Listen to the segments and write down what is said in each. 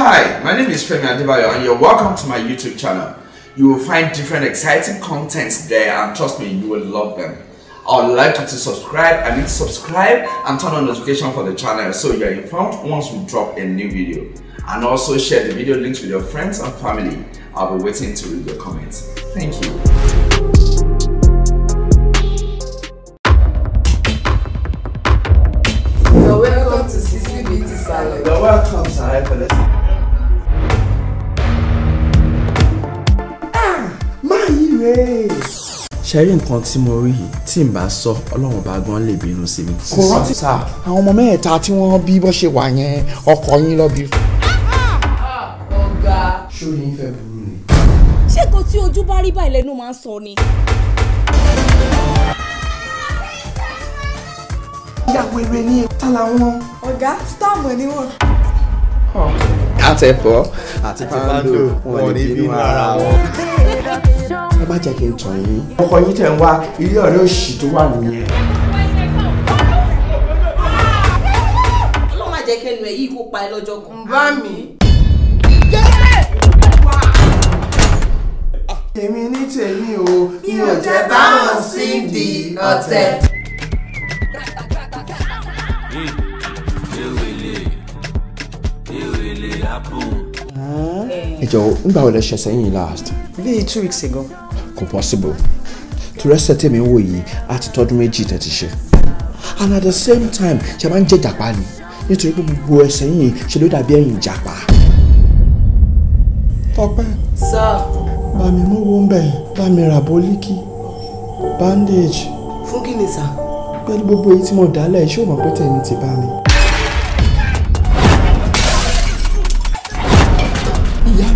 Hi, my name is Femi Adebayo and you're welcome to my YouTube channel. You will find different exciting contents there and trust me, you will love them. I would like you to subscribe, I mean subscribe and turn on notification for the channel so you're informed once we drop a new video. And also share the video links with your friends and family. I'll be waiting to read your comments. Thank you. grace. ṣe rí nǹkan tí mo rí yìí tí n bá sọ ọlọ́run bá gan lè bínú sí mi. kò rántí sá àwọn ọmọ mẹ́ẹ̀ta tí wọ́n bí bó ṣe wà yẹn ọkọ yín lọ́bí. ọ̀gá ṣóyè ń fẹ́ burú ni. ṣé kò tí ojú bá rí báyìí lẹ́nu máa ń sọ ni. ìyàwó èrè ni ta làwọn. ọ̀gá storm ni wọn. Ah àtẹ̀fọ́ àti pando wọn ní bínú ara wọn. ẹ má jẹ́ kí n tàn yín. ọkọ yín tẹ̀ ń wá ilé ọ̀rẹ́ òṣì tó wà nìyẹn. ọlọ́run má jẹ́ kẹ́nu ẹ̀ yìí kó pa ẹ lọ́jọ́ kan. bá mi. èmi ní tèmi o mi ò jẹ́ báwọn sí di ọ̀tẹ̀. dey happen. ẹ jọ̀wọ́ nígbà wo lẹ ṣe sẹ́yìn last. bíi two weeks ago. kò possible tùrẹ́sẹ̀ tèmi wò yìí á ti tọ́dún méjì tẹ̀ ti ṣe and at the same time ṣe máa ń jẹ́ jàpá ni nítorí pé gbogbo ẹsẹ̀ yìí ṣe ló dàbí ẹ̀yìn jàpá. Tọ́pẹ́. sọ. bá mi mú wọ́nbẹ̀ bá mi ra bólíkì bandage. fún kí ni sà. pẹ̀lú gbogbo èyí tí mo dálẹ̀ ṣé o mọ̀ pé tèmi ti bá mi.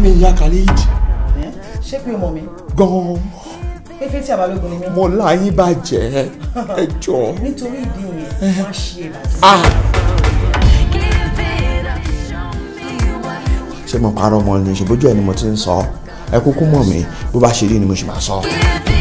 Me ya Khalid. ṣé pé o mọ̀ mi. gan-an. pépé tí àbálòpọ̀ ni mí. mo láyín bàjẹ́ ẹ jọ. nítorí ìdí yẹn wọ́n á ṣe ìbàjẹ́. Ah. ṣé mo parọ́ mọ́ ni ṣèbójú ẹ̀ ni mo ti ń sọ ẹ kúkú mọ̀ mi bó bá ṣe rí ni mo ṣe máa sọ.